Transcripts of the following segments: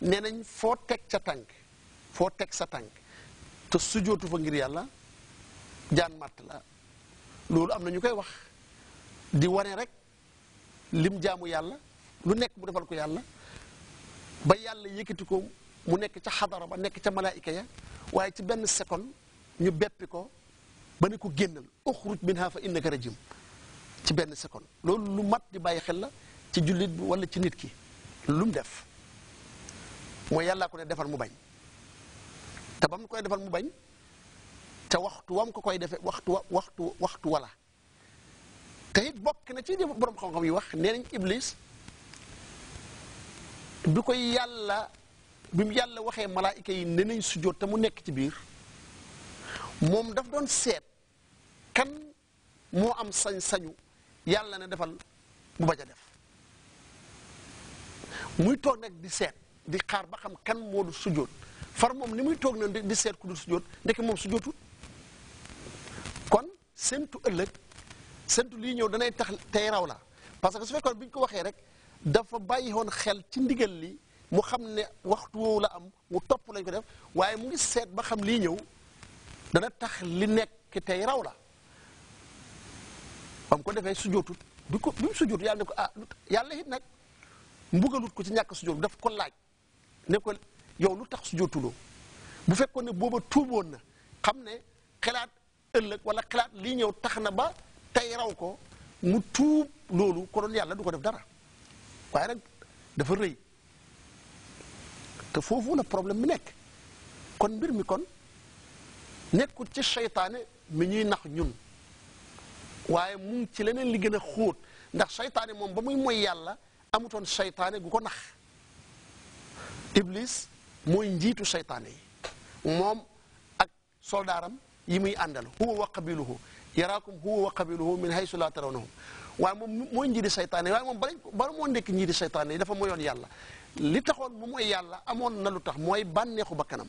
nee nañ foo teg ca tànk foo teg sa tànk te sujootu fa ngir yàlla jaan màtt la loolu am na ñu koy wax di wane rek lim jaamu yàlla lu nekk mu defal ko yàlla ba yàlla yëkkati ko mu nekk ca xadara ba nekk ca malaayika ya waaye ci benn seconde ñu beppi ko ba ne ko génnal uxruj minha fa innaka rajim ci benn seconde loolu lu mat di bàyyi xel la ci jullit bi wala ci nit ki lu def mooy yàllaa ko ne defal mu bañ te ba mu koy defal mu bañ te waxtu wam ko koy defe waxtu waxtu waxtu wala te it bokk na ci li borom xam-xam yi wax nee nañ iblis bi koy yàlla bi mu yàlla waxee malaayika yi ne nañ sujjóot te mu nekk ci biir moom daf doon seet kan moo am sañ-sañu yàlla na defal mu bañ a def muy toog nag di seet di xaar ba xam kan moo du sujjóot far moom ni muy toog na di seet ku dul sujjóot ndeke moom sujjóotut kon séntu ëllëg séntu lii ñëw danay tax tey raw la parce que su fekkoon bi ñu ko waxee rek dafa bàyyi woon xel ci ndigal li mu xam ne waxtu woowu la am mu topp lañ ko def waaye mu ngi seet ba xam lii ñëw dana tax li nekk tey raw la bam ko defee sujjóotut bi ko bi mu sujjóotu yàlla ne ko ah yàlla it nag mbugalut ko ci ñàkk sujjóot daf ko laaj نقول يو لوتخ سجوتلو بو فيكون بوبا توبون خامن خلات ألك ولا خلات لي نيو تخنا با تاي راوكو مو توب لولو كون يالا دوكو ديف دارا واي رك دافا ري تفوفو لا بروبليم مي كون بير مي كون نيكو تي شيطان مي ني ناخ نون waye mu ci leneen li gëna xoot ndax shaytané mom ba muy moy yalla amutone shaytané gu ko nax iblis mooy njiitu seytaane yi moom ak soldaaram yi muy àndal huwa wa qabiluhu yaraakum huwa wa qabiluhu min haysu laa tarawnahum waaye moom mooy njiiti seytaane waaye moom bala bala moo nekk njiiti seytaane yi dafa moyoon yàlla li taxoon mu mooy yàlla amoon na lu tax mooy bànneexu bakkanam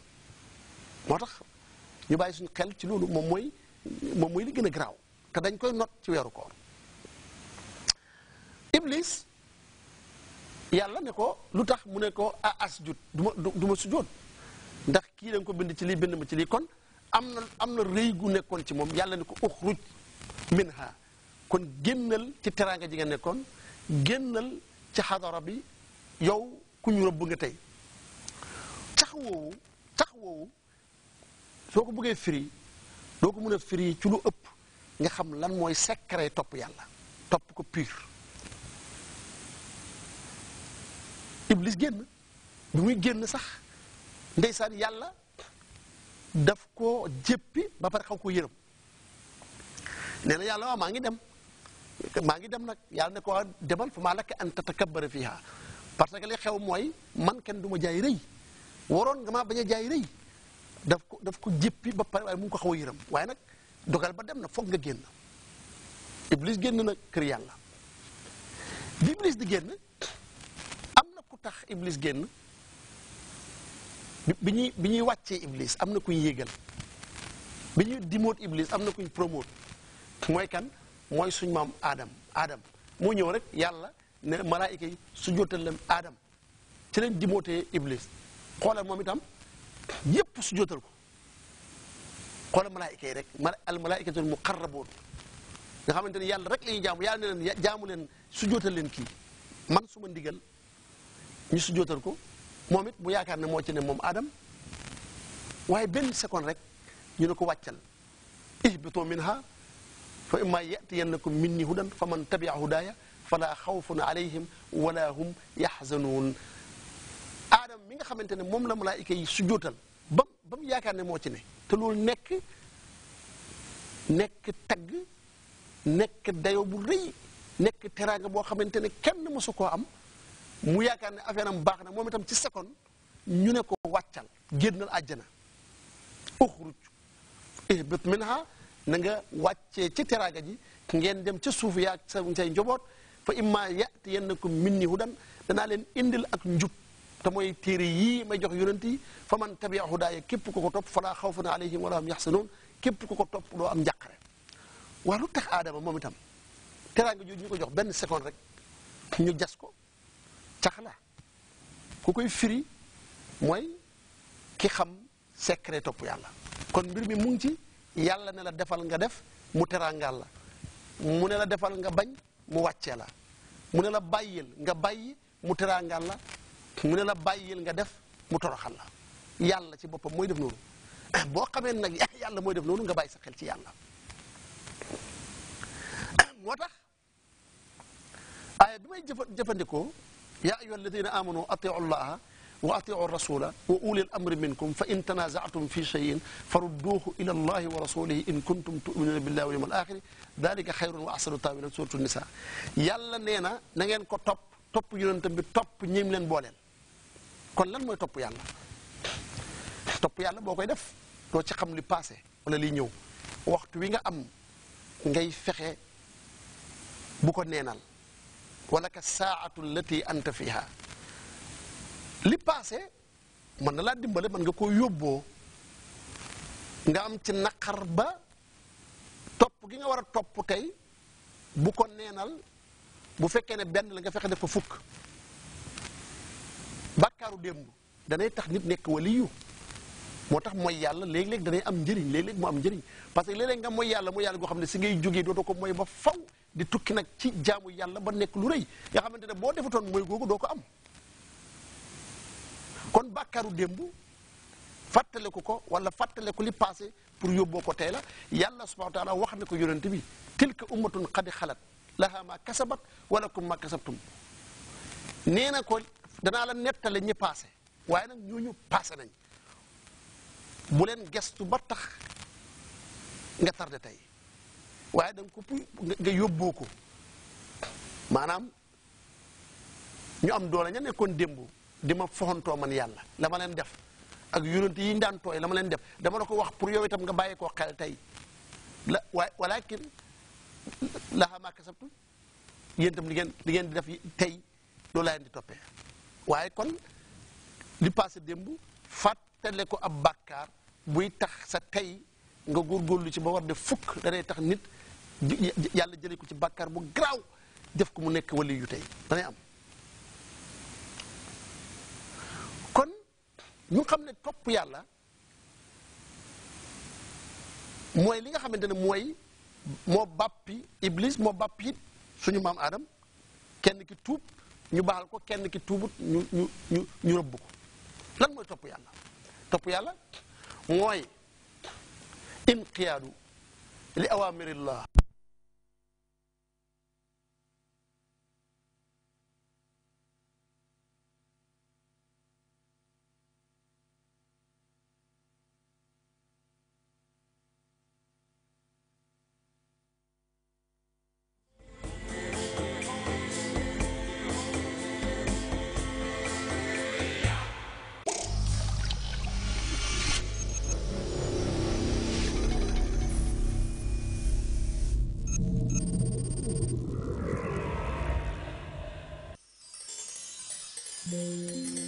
ñu bàyyi suñu xel ci loolu moom mooy moom mooy li gën a garaaw te dañ koy not ci weeru koor iblis yàlla ne ko lu tax mu ne ko a asjud duma ma du ndax kii da ko bind ci lii bind ma ci lii kon am na am na rëy gu nekkoon ci moom yàlla ne ko uxruj minha kon génnal ci teraanga ji nga nekkoon génnal ci xadara bi yow ku ñu rëbb nga tey cax woowu cax woowu soo ko bëggee firi doo ko mën a firi ci lu ëpp nga xam lan mooy secret topp yàlla topp ko pur iblis génn bi muy génn sax ndeysaan yàlla daf ko jéppi ba pare xaw ko yërëm nee na yàlla waaw maa ngi dem maa ngi dem nag yàlla ne ko waa demal fa maa laka an tatakabbara fiha parce que li xew mooy man kenn du ma jaay rëy waroon nga maa bañ a jaay rëy daf ko daf ko jéppi ba pare waaye mu ko xaw a yërëm waaye nag dogal ba dem na foog nga génn iblis génn na kër yàlla bi iblis di génn tax iblis génn bi ñuy bi ñuy wàccee iblis am na kuy yéegal bi ñuy dimoot iblis am na kuy promote mooy kan mooy suñ maam aadam aadam mu ñëw rek yàlla ne malaayika yi su jotal leen aadam ci lañ dimootee iblis xoolal moom itam yépp su jotal ko xoolal malaayika yi rek mala al malaayika mu muqarraboon nga xamante ne yàlla rek la ñuy jaamu yàlla ne leen jaamu leen su jotal leen kii man su ma ndigal ñu sujjootal ko moom it mu yaakaar ne moo ci ne moom Adam waaye benn seconde rek ñu ne ko wàccal ihbitu minha fa imma yatiyannakum minni hudan fa man tabia hudaaya fala xawfun alayhim wala hum yaxzanuun aadam mi nga xamante ne moom la malaayika yi sujjootal ba ba mu yaakaar ne moo ci ne te loolu nekk nekk tagg nekk dayo bu rëy nekk teraanga boo xamante ne kenn mësu koo am mu yaakaar ne affaire am baax na moom itam ci seconde ñu ne ko wàccal génnal àjjana uxruj ihbit minha na nga wàccee ci teraanga ji ngeen dem ca suuf yaa sa say njoboot fa imma yati yannakum minni hudan danaa leen indil ak njub te mooy téere yii may jox yonanti yi fa man tabia hudaaya képp ko ko topp falaa xawfun alayhim wala hum yaxsanuun képp ko ko topp doo am njàqare waa lu tax aadama moom itam teraanga jooju ñu ko jox benn seconde rek ñu jas ko cax ku koy firi moy, ki xam secret top yalla kon mbir mi mu ngi ci ne la defal nga def mu terangal la mu ne la defal nga bañ mu wacce la mu ne la bayil nga bayyi mu terangal la mu ne la bayil nga def mu toroxal la yalla ci bopam moy def nonu bo xamé nak yalla moy def nonu nga sa xel ci yalla motax bimay يا أيها الذين آمنوا أطيعوا الله وأطيعوا الرسول وأولي الأمر منكم فإن تنازعتم في شيء فردوه إلى الله ورسوله إن كنتم تؤمنون بالله واليوم الآخر ذلك خير وأحسن تاويلا سورة النساء يلا نينا نغين كو توب توب يونتم بي توب نيم لين بولين كون لان موي توب يالا توب يالا بوكاي ديف دو سي خام لي باسي ولا لي نيو وقت ويغا ام am فخه بوكو نينال walaka saatu lati anta fiha li passé man la dimbalé man nga ko yobbo nga am ci nakar ba top gi nga wara top tay bu ko nénal bu féké né benn la nga fexé def ko bakaru demb da danay tax nit nek waliyu motax moy yalla leg leg da ngay am njëriñ leg leg mu am njëriñ parce que leg leg nga moy yalla mooy yalla go xam si ngay jógee dootoo ko moy ba faw di tukki nag ci jaamu yàlla ba nekk lu rëy nga xamante ne boo defutoon mooy googu doo ko am kon bàkkaaru démb fàttaliku ko ko wala fàttaliku li passé pour yóbboo ko tey la yàlla subhanahu wa taala wax na ko yonent bi tilka ummatun qad xalat laha ma kasabat walakum ma kasabtum nee na ko danaa la nettale ñi passé waaye nag ñooñu passé nañ bu leen gestu ba tax nga tardé tey waaye da nga ko nga yóbboo ko maanaam ñu am doole ña nekkoon démb di ma foxantoo man yàlla la ma leen def ak yonent yi ñu daan tooy la ma leen def dama la ko wax pour yow itam nga bàyyi koo xel tey la waaye walakin laha maa kasabtum li ngeen li ngeen di def tey loolu di toppee waaye kon li passé démb fàttale ko ab bàkkaar buy tax sa tey nga góorgóorlu ci ba war de fukk danay tax nit yàlla jëlee ko ci bàkkaar bu garaaw def ko mu nekk wali yu tey danay am kon ñu xam ne topp yàlla mooy li nga xamante ne mooy moo bàppi iblis moo bàppi it suñu maam aadam kenn ki tuub ñu baal ko kenn ki tuubut ñu ñu ñu ñu rëbb ko lan mooy topp yàlla topp yàlla mooy inqiyaadu li awamirillah Música